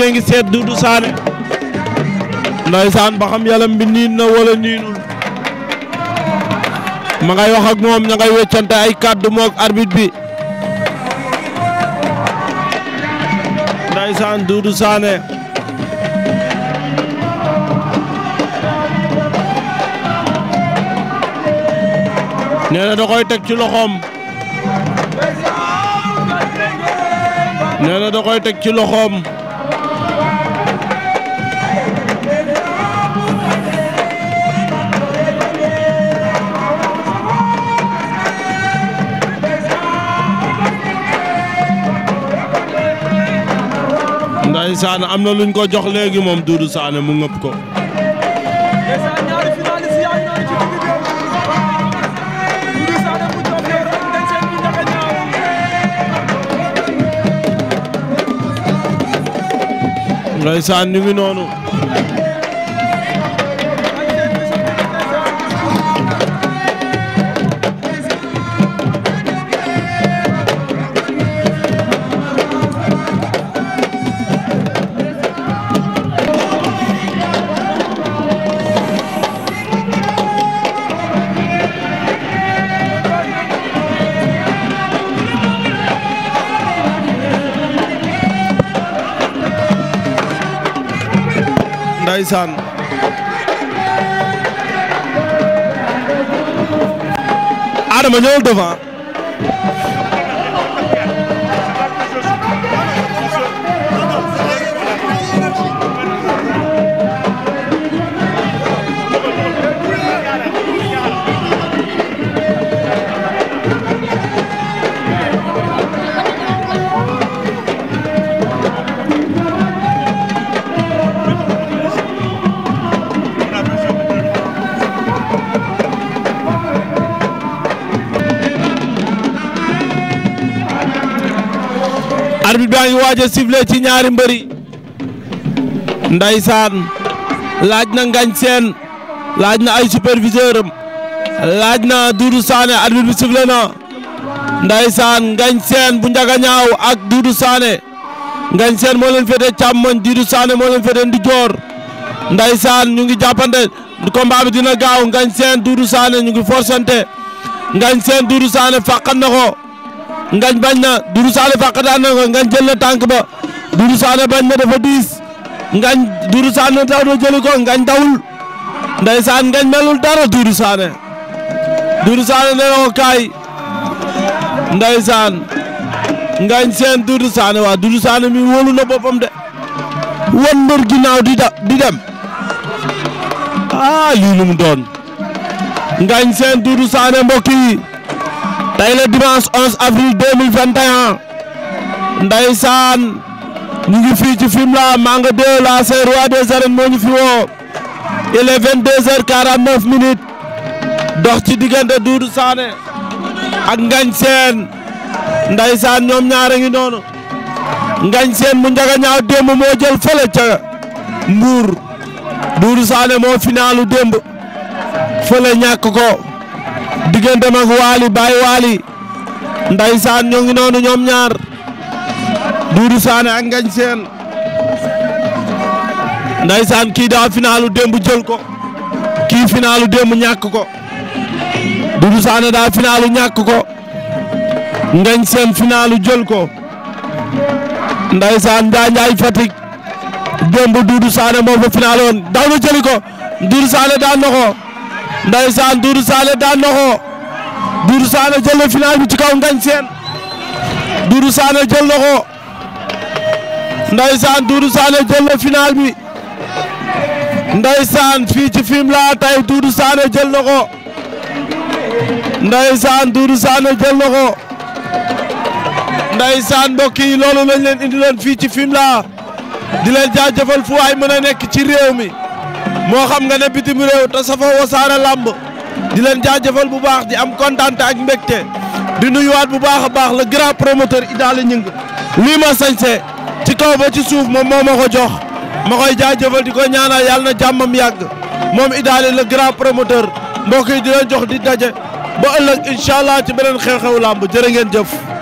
bee ngi seet Doudou Sané ndaysaan ba xam yaram bi niin na wala niinul ngay wax ak moom ña ngay weccante ay kàddu moog arbitre bi ndaysaan Doudou Sané da koy teg ci loxoom nee da koy teg ci loxoom ndeysaan am na luñ ko jox léegi moom Doudou Sané mu ngëpp ko ndeysaan ñu ngi noonu ndeysaan Adama ñëwal devant arbitre baa ngi waaj a ci ñaari mbëri ndaysaan laaj na ngañ seen laaj na ay superviseur laaj na Doudou Sané arbitre bi sifflé na ndaysaan ngañ seen bu njaga ñaaw ak Doudou Sané ngañ seen moo leen féete càmmoñ Doudou Sané moo leen féete ndijoor ndaysaan ñu ngi jàppante combat bi dina gaaw ngañ seen Doudou Sané ñu ngi forcante ngañ seen Doudou Sané fàqan na ngañ bañ na Doudou Sané fàqataan na ko ngañ jël na tànk ba Doudou bañ na dafa diis ngañ Doudou daw na jëli ko ngañ dawul ndeysaan ngañ melul dara Doudou Sané Doudou ko kaay ndeysaan ngañ seen Doudou Sané waa mi wóolu na boppam de wan mbër di dem ah lii doon ngañ seen Doudou Sané mbokk tey le dimanche 11 avril 2021 ndeysaan ñu ngi fii ci Fimela Manga 2 la c'est roi des arènes moo ñu fi woo il est 22h49 minutes dox ci diggante Doudou Sané ak Ngagne Sène ndeysaan ñoom ñaar ngi noonu Ngagne Sène mu njaga ñaaw démb moo jël fële ca Mbour Doudou Sané moo finalu démb fële ñàkk ko digganteem ak Waly Baye Waly ndaysaan ñoo ngi noonu ñoom ñaar Doudou Sané ak Ngagne Sène ndaysaan kii daa finalu démb jël ko kii finalu démb ñàkk ko Doudou Sané daa finalu ñàkk ko Ngagne Sène finalu jël ko ndaysaan Njaay Njaay Fatick démb Doudou Sané moo fa finaloon daw na jëli ko Doudou Sané daan na ndaysaan Doudou Sané daan na ko Doudou Sané jël na final bi ci kaw ngañ seen Doudou Sané jël na ko ndaysaan Doudou Sané jël na final bi ndaysaan fii ci film laa tey Doudou Sané jël na ko ndaysaan Doudou na ko ndaysaan mbokk yi loolu lañ leen indi loon fii ci film laa di leen jaajëfal fu waay mën a nekk ci réew mi moo xam nga ne bitim réew te safoo wasaare làmb di leen jaajëfal bu baax di am kontaante ak mbégte di nuyuwaat bu baax a baax le grand promoteur Idaly Gningue lii ma sañse ci kaw ba ci suuf moom moo ma ko jox ma koy jaajëfal di ko ñaanal yàlla na jàmmam yàgg moom Idaly le grand promoteur mbokk yi di leen jox di daje ba ëllëg incha allah ci beneen xew-xew làmb jërë ngeen jëf.